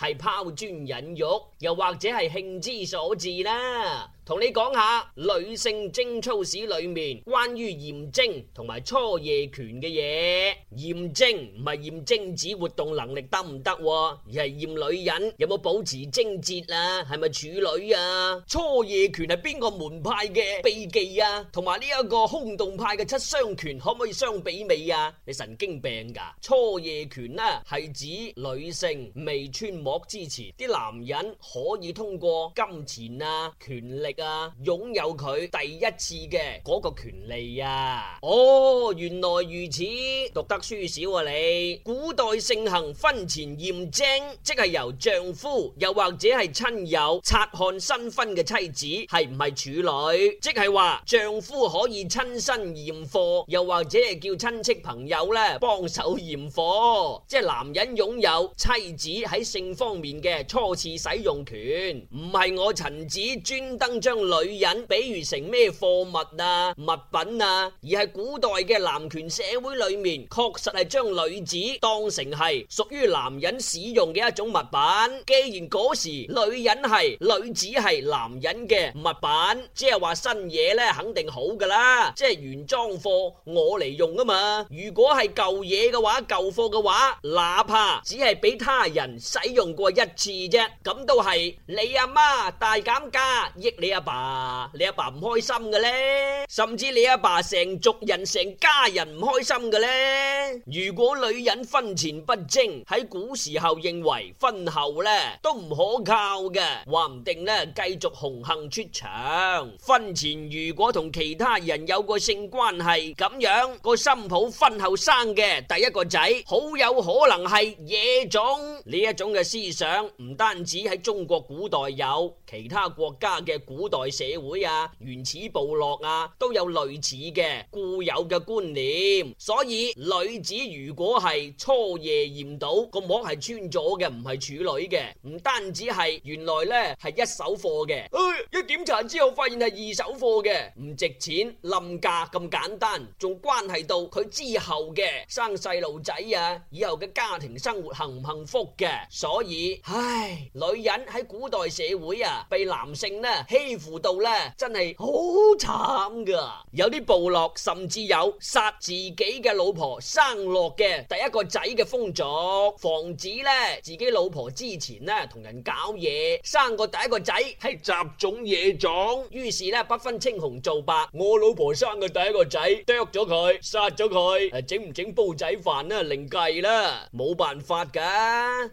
係拋磚引玉，又或者係興之所至啦。同你講下女性貞操史裏面關於驗精同埋初夜權嘅嘢。驗精唔係驗精子活動能力得唔得，而係驗女人有冇保持貞節啊？係咪處女啊？初夜權係邊個門派嘅秘技啊？同埋呢一個空洞派嘅七傷拳可唔可以相比美啊？你神經病噶？初夜權呢係指女性未穿網。支持啲男人可以通過金錢啊、權力啊，擁有佢第一次嘅嗰個權利啊。哦，原來如此，讀得書少啊你。古代盛行婚前驗貞，即係由丈夫又或者係親友察看新婚嘅妻子係唔係處女，即係話丈夫可以親身驗貨，又或者係叫親戚朋友咧幫手驗貨，即係男人擁有妻子喺性。方面嘅初次使用權，唔係我陳子專登將女人比喻成咩貨物啊物品啊，而係古代嘅男權社會裏面，確實係將女子當成係屬於男人使用嘅一種物品。既然嗰時女人係女子係男人嘅物品，即係話新嘢咧肯定好噶啦，即係原裝貨我嚟用啊嘛。如果係舊嘢嘅話，舊貨嘅話，哪怕只係俾他人使用過一次啫，咁都係你阿媽大減價，益你阿爸，你阿爸唔開心嘅咧，甚至你阿爸成族人、成家人唔開心嘅咧。如果女人婚前不貞，喺古時候認為婚後咧都唔可靠嘅，話唔定咧繼續紅杏出牆。婚前如果同其他人有過性關係，咁樣個新抱婚後生嘅第一個仔，好有可能係野種呢一種嘅思思想唔單止喺中國古代有，其他國家嘅古代社會啊、原始部落啊都有類似嘅固有嘅觀念。所以女子如果係初夜驗到個膜係穿咗嘅，唔係處女嘅，唔單止係原來呢係一手貨嘅，一檢查之後發現係二手貨嘅，唔值錢，冧價咁簡單，仲關係到佢之後嘅生細路仔啊，以後嘅家庭生活幸唔幸福嘅，所。所以，唉，女人喺古代社會啊，被男性呢欺負到呢，真係好慘噶。有啲部落甚至有殺自己嘅老婆生落嘅第一個仔嘅風俗，防止呢自己老婆之前呢同人搞嘢，生個第一個仔係雜種野種，於是呢不分青紅皂白，我老婆生嘅第一個仔剁咗佢，殺咗佢，整唔整煲仔飯呢？另計啦，冇辦法噶，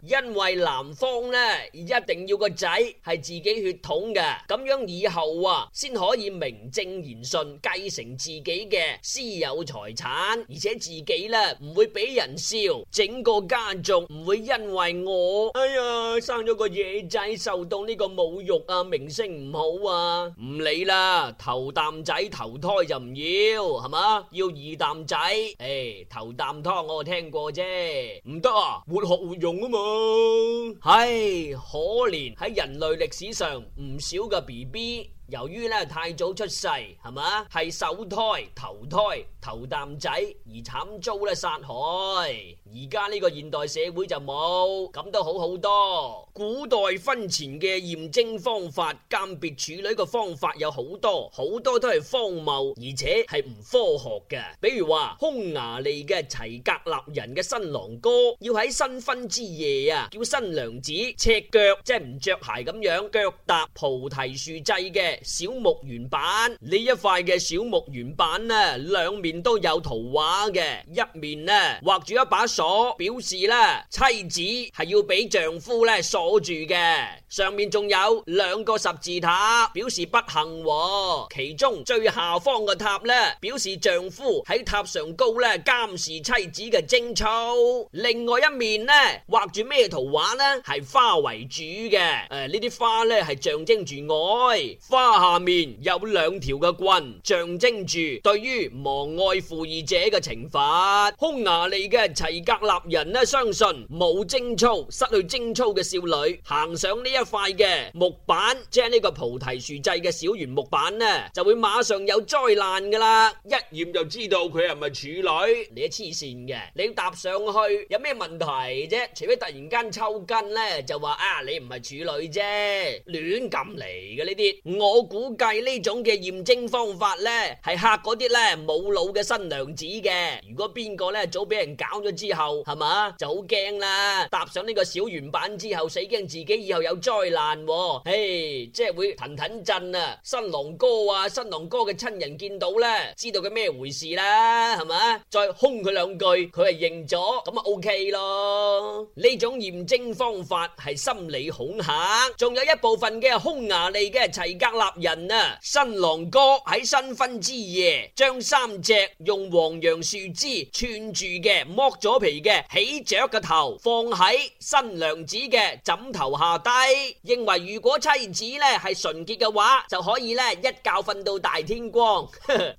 因為。男方咧一定要個仔係自己血統嘅，咁樣以後啊，先可以名正言順繼承自己嘅私有財產，而且自己咧唔會俾人笑，整個家族唔會因為我哎呀生咗個野仔受到呢個侮辱啊，名聲唔好啊，唔理啦，頭啖仔頭胎就唔要係嘛，要二啖仔，誒、哎、頭啖湯我聽過啫，唔得啊，活學活用啊嘛。唉，可憐喺人類歷史上唔少嘅 BB。由於咧太早出世，係嘛係首胎、頭胎、頭啖仔，而慘遭咧殺害。而家呢個現代社會就冇咁都好好多。古代婚前嘅驗證方法，鑑別處女嘅方法有好多，好多都係荒謬，而且係唔科學嘅。比如話，匈牙利嘅齊格納人嘅新郎哥要喺新婚之夜啊，叫新娘子赤腳，即係唔着鞋咁樣，腳踏菩提樹製嘅。小木原版呢一塊嘅小木原版呢，兩面都有圖畫嘅，一面呢畫住一把鎖，表示呢妻子係要俾丈夫呢鎖住嘅，上面仲有兩個十字塔，表示不幸。其中最下方個塔呢，表示丈夫喺塔上高呢監視妻子嘅貞操。另外一面呢畫住咩圖畫呢？係花為主嘅，誒呢啲花呢係象徵住愛花。下面有兩條嘅棍，象徵住對於忘愛負義者嘅懲罰。匈牙利嘅齊格納人咧，相信冇貞操、失去貞操嘅少女行上呢一塊嘅木板，即係呢個菩提樹製嘅小圓木板咧，就會馬上有災難噶啦。一驗就知道佢係咪處女？你一黐線嘅，你要搭上去有咩問題啫？除非突然間抽筋咧，就話啊你唔係處女啫，亂咁嚟嘅呢啲我。我估計呢種嘅驗證方法咧，係嚇嗰啲咧冇腦嘅新娘子嘅。如果邊個咧早俾人搞咗之後，係嘛就好驚啦。踏上呢個小圓板之後，死驚自己以後有災難，誒，即係會騰騰震啊！新郎哥啊，新郎哥嘅親人見到咧，知道佢咩回事啦，係咪？再兇佢兩句，佢係認咗，咁啊 OK 咯。呢種驗證方法係心理恐嚇，仲有一部分嘅匈牙利嘅齊格勒。人啊，新郎哥喺新婚之夜，將三隻用黃楊樹枝串住嘅剝咗皮嘅喜鵲嘅頭放喺新娘子嘅枕頭下低，認為如果妻子咧係純潔嘅話，就可以咧一覺瞓到大天光；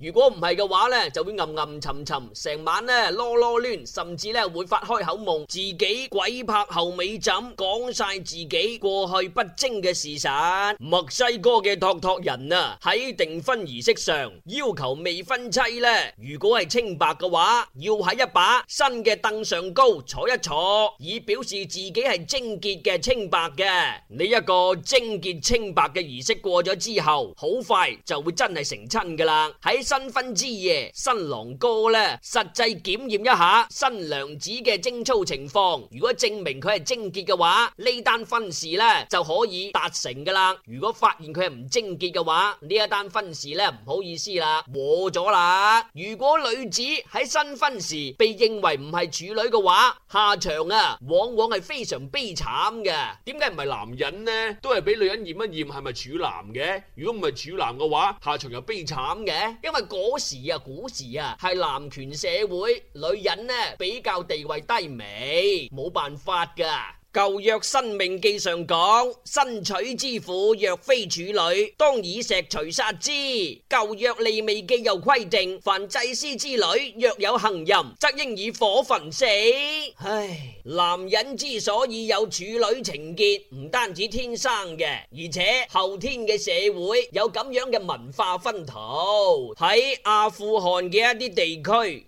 如果唔係嘅話咧，就會暗暗沉沉成晚咧囉囉攣，甚至咧會發開口夢，自己鬼拍後尾枕，講晒自己過去不貞嘅事實。墨西哥嘅托托人啊，喺訂婚儀式上要求未婚妻呢，如果係清白嘅話，要喺一把新嘅凳上高坐一坐，以表示自己係貞潔嘅清白嘅。呢、這、一個貞潔清白嘅儀式過咗之後，好快就會真係成親噶啦。喺新婚之夜，新郎哥呢實際檢驗一下新娘子嘅貞操情況，如果證明佢係貞潔嘅話，呢單婚事呢就可以達成噶啦。如果發現佢係唔貞。貞潔嘅話，呢一單婚事呢，唔好意思啦，和咗啦。如果女子喺新婚時被認為唔係處女嘅話，下場啊往往係非常悲慘嘅。點解唔係男人呢？都係俾女人驗一驗係咪處男嘅。如果唔係處男嘅話，下場又悲慘嘅。因為嗰時啊，古時啊係男權社會，女人呢比較地位低微，冇辦法噶。舊約申命記上講新娶之婦若非處女，當以石錘殺之。舊約利未記又規定，凡祭司之女若有行淫，則應以火焚死。唉，男人之所以有處女情結，唔單止天生嘅，而且後天嘅社會有咁樣嘅文化熏陶。喺阿富汗嘅一啲地區。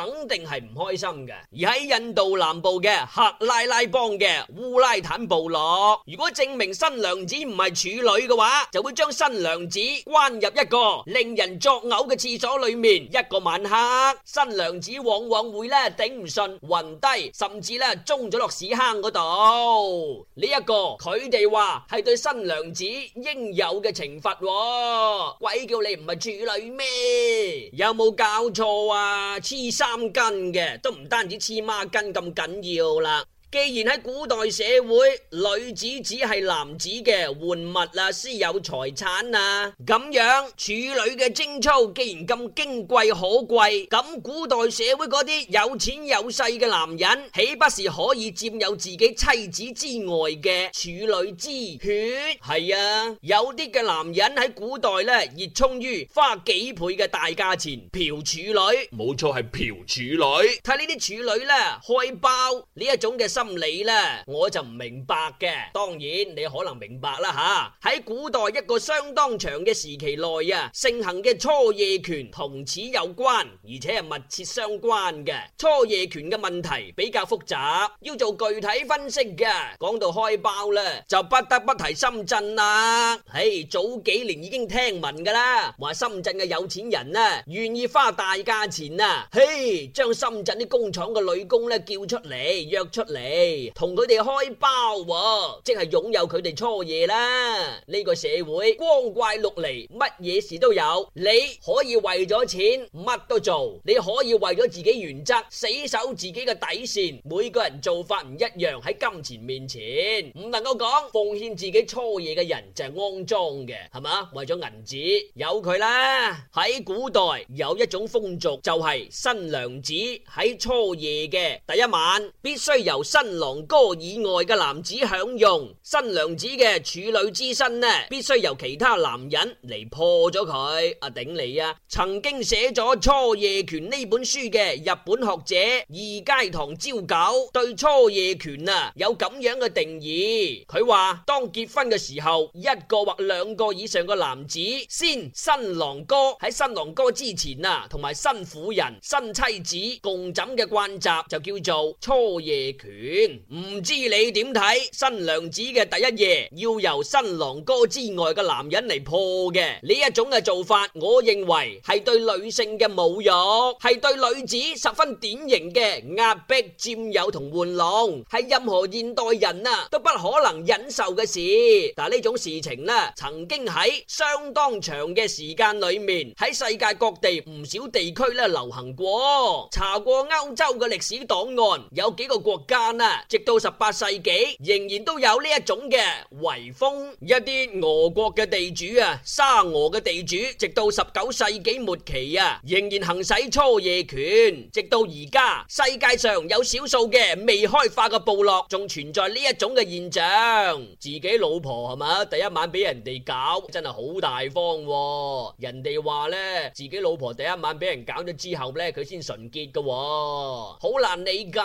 肯定係唔開心嘅，而喺印度南部嘅克拉拉邦嘅烏拉坦部落，如果證明新娘子唔係處女嘅話，就會將新娘子關入一個令人作嘔嘅廁所裏面。一個晚黑，新娘子往往會咧頂唔順，暈低，甚至咧中咗落屎坑嗰度。呢一個佢哋話係對新娘子應有嘅懲罰。鬼叫你唔係處女咩？有冇搞錯啊？黐線！三根嘅都唔單止黐孖筋咁緊要啦。既然喺古代社會，女子只係男子嘅玩物啊、私有財產啊，咁樣處女嘅貞操既然咁矜貴可貴，咁古代社會啲有錢有勢嘅男人，豈不是可以占有自己妻子之外嘅處女之血？係啊，有啲嘅男人喺古代咧，熱衷於花幾倍嘅大價錢嫖處女，冇錯係嫖處女。睇呢啲處女咧，開苞呢一種嘅心理啦，我就唔明白嘅。當然你可能明白啦吓。喺古代一個相當長嘅時期內啊，盛行嘅初夜權同此有關，而且係密切相關嘅。初夜權嘅問題比較複雜，要做具體分析噶。講到開包啦，就不得不提深圳啦。嘿，早幾年已經聽聞噶啦，話深圳嘅有錢人呢，願意花大價錢啊，嘿，將深圳啲工廠嘅女工咧叫出嚟，約出嚟。同佢哋開包、啊，即係擁有佢哋初夜啦。呢、這個社會光怪陸離，乜嘢事都有。你可以為咗錢乜都做，你可以為咗自己原則死守自己嘅底線。每個人做法唔一樣，喺金錢面前唔能夠講奉獻自己初夜嘅人就係骯髒嘅，係嘛？為咗銀紙有佢啦。喺古代有一種風俗，就係、是、新娘子喺初夜嘅第一晚必須由新新郎哥以外嘅男子享用新娘子嘅處女之身呢，必須由其他男人嚟破咗佢。阿、啊、頂你啊，曾經寫咗《初夜權》呢本書嘅日本學者二階堂朝九對《初夜權》啊有咁樣嘅定義。佢話當結婚嘅時候，一個或兩個以上嘅男子先新郎哥喺新郎哥之前啊，同埋新婦人、新妻子共枕嘅慣習就叫做初夜權。唔知你點睇新娘子嘅第一夜要由新郎哥之外嘅男人嚟破嘅呢一種嘅做法？我認為係對女性嘅侮辱，係對女子十分典型嘅壓迫、佔有同玩弄，係任何現代人啊都不可能忍受嘅事。但，呢種事情呢，曾經喺相當長嘅時間裏面喺世界各地唔少地區咧流行過。查過歐洲嘅歷史檔案，有幾個國家。直到十八世紀仍然都有呢一種嘅遺風，一啲俄國嘅地主啊、沙俄嘅地主，直到十九世紀末期啊，仍然行使初夜權。直到而家，世界上有少數嘅未開發嘅部落仲存在呢一種嘅現象。自己老婆係嘛，第一晚俾人哋搞，真係好大方。人哋話呢，自己老婆第一晚俾人搞咗之後呢，佢先純潔㗎，好難理解。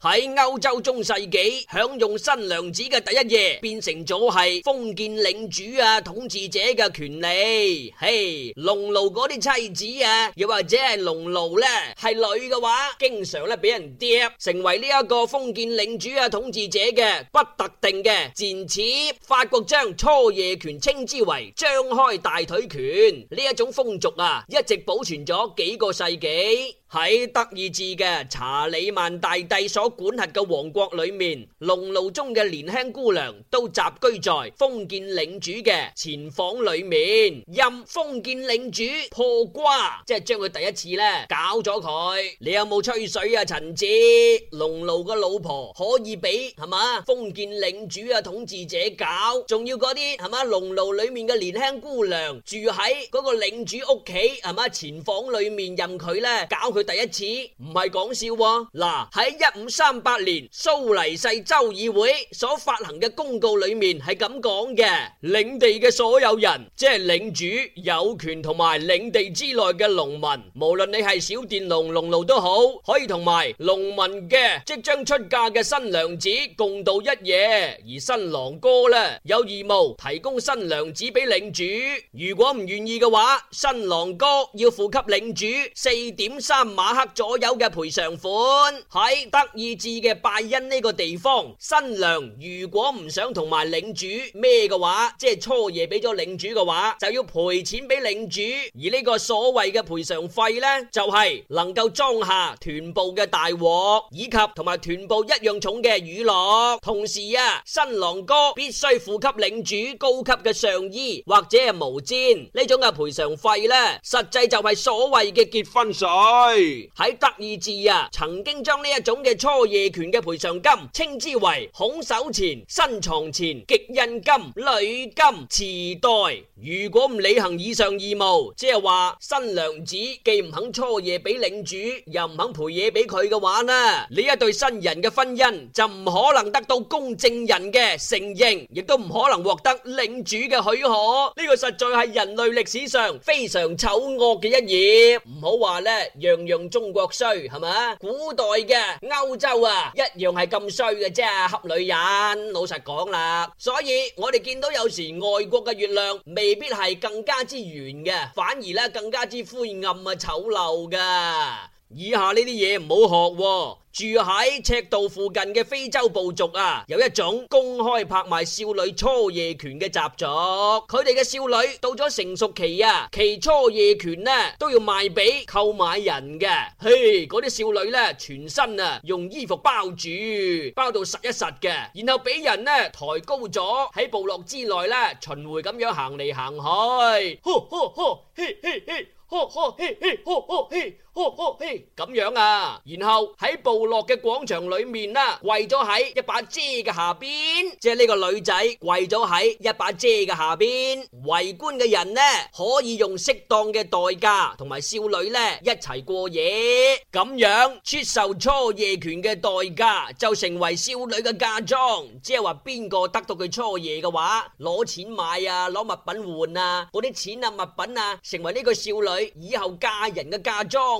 喺歐洲中世紀享用新娘子嘅第一夜，變成咗係封建領主啊統治者嘅權利。嘿，農奴嗰啲妻子啊，又或者係農奴呢，係女嘅話，經常咧俾人夾，成為呢一個封建領主啊統治者嘅不特定嘅賤妾。法國將初夜權稱之為張開大腿權。呢一種風俗啊，一直保存咗幾個世紀。喺德意志嘅查理曼大帝所管轄嘅王國裏面，農奴中嘅年輕姑娘都集居在封建領主嘅前房裏面，任封建領主破瓜，即係將佢第一次咧搞咗佢。你有冇吹水啊？陳志，農奴嘅老婆可以俾係嘛？封建領主啊，統治者搞，仲要嗰啲係嘛？農奴裏面嘅年輕姑娘住喺嗰個領主屋企係嘛？前房裏面任佢咧搞佢。第一次唔係講笑喎，嗱，喺一五三八年蘇黎世州議會所發行嘅公告裏面係咁講嘅，領地嘅所有人，即係領主有權同埋領地之內嘅農民，無論你係小佃農、農奴都好，可以同埋農民嘅即將出嫁嘅新娘子共度一夜，而新郎哥咧有義務提供新娘子俾領主，如果唔願意嘅話，新郎哥要付給領主四點三。馬克左右嘅賠償款。喺德意志嘅拜恩呢個地方，新娘如果唔想同埋領主咩嘅話，即係初夜俾咗領主嘅話，就要賠錢俾領主。而呢個所謂嘅賠償費呢，就係、是、能夠裝下臀部嘅大鑊，以及同埋臀部一樣重嘅乳酪。同時啊，新郎哥必須付給領主高級嘅上衣或者係毛氈呢種嘅賠償費呢，實際就係所謂嘅結婚稅。喺德意志啊，曾經將呢一種嘅初夜權嘅賠償金，稱之為恐手錢、新床錢、極印金、累金、瓷袋。如果唔履行以上義務，即係話新娘子既唔肯初夜俾領主，又唔肯賠嘢俾佢嘅話呢？呢一對新人嘅婚姻就唔可能得到公證人嘅承認，亦都唔可能獲得領主嘅許可。呢個實在係人類歷史上非常醜惡嘅一頁。唔好話咧，讓。讓中國衰係咪？古代嘅歐洲啊，一樣係咁衰嘅啫，黑女人。老實講啦，所以我哋見到有時外國嘅月亮未必係更加之圓嘅，反而咧，更加之灰暗啊醜陋噶。以下呢啲嘢唔好學。住喺赤道附近嘅非洲部族啊，有一種公開拍賣少女初夜權嘅習俗。佢哋嘅少女到咗成熟期啊，其初夜權呢都要賣俾購買人嘅。嘿，嗰啲少女呢，全身啊用衣服包住，包到實一實嘅，然後俾人呢抬高咗喺部落之內呢，巡回咁樣行嚟行去。哦、嘿、咁樣啊，然後喺部落嘅廣場裏面啦，跪咗喺一把遮嘅下邊，即係呢個女仔跪咗喺一把遮嘅下邊。圍觀嘅人呢，可以用適當嘅代價同埋少女呢一齊過夜，咁樣出售初夜權嘅代價就成為少女嘅嫁妝，即係話邊個得到佢初夜嘅話，攞錢買啊，攞物品換啊，嗰啲錢啊物品啊，成為呢個少女以後嫁人嘅嫁妝。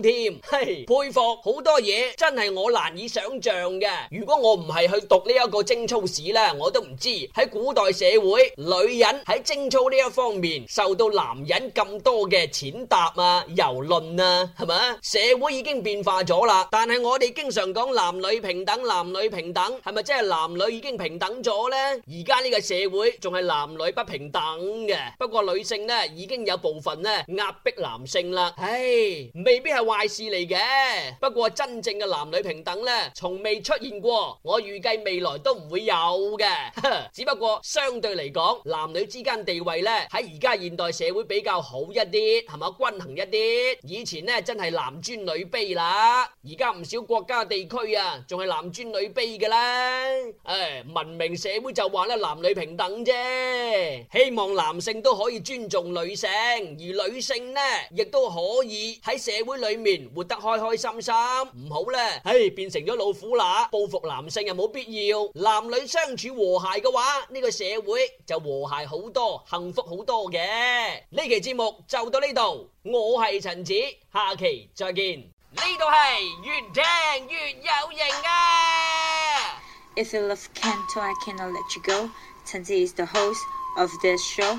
添，嘿，佩服，好多嘢真係我難以想象嘅。如果我唔係去讀呢一個貞操史啦，我都唔知喺古代社會，女人喺貞操呢一方面受到男人咁多嘅踐踏啊、蹂躪啊，係咪？社會已經變化咗啦，但係我哋經常講男女平等，男女平等係咪真係男女已經平等咗咧？而家呢個社會仲係男女不平等嘅，不過女性咧已經有部分咧壓迫男性啦。唉，未必係。壞事嚟嘅，不過真正嘅男女平等咧，從未出現過，我預計未來都唔會有嘅。只不過相對嚟講，男女之間地位咧喺而家現代社會比較好一啲，係咪均衡一啲。以前咧真係男尊女卑啦，而家唔少國家地區啊，仲係男尊女卑嘅啦。誒，文明社會就話咧男女平等啫，希望男性都可以尊重女性，而女性咧亦都可以喺社會裏。裏面活得開開心心，唔好咧，唉，變成咗老虎乸，報復男性又冇必要。男女相處和諧嘅話，呢個社會就和諧好多，幸福好多嘅。呢期節目就到呢度，我係陳子，下期再見。呢度係越聽越有型啊！If you love can't I cannot let you go。陳子 is the host of this show。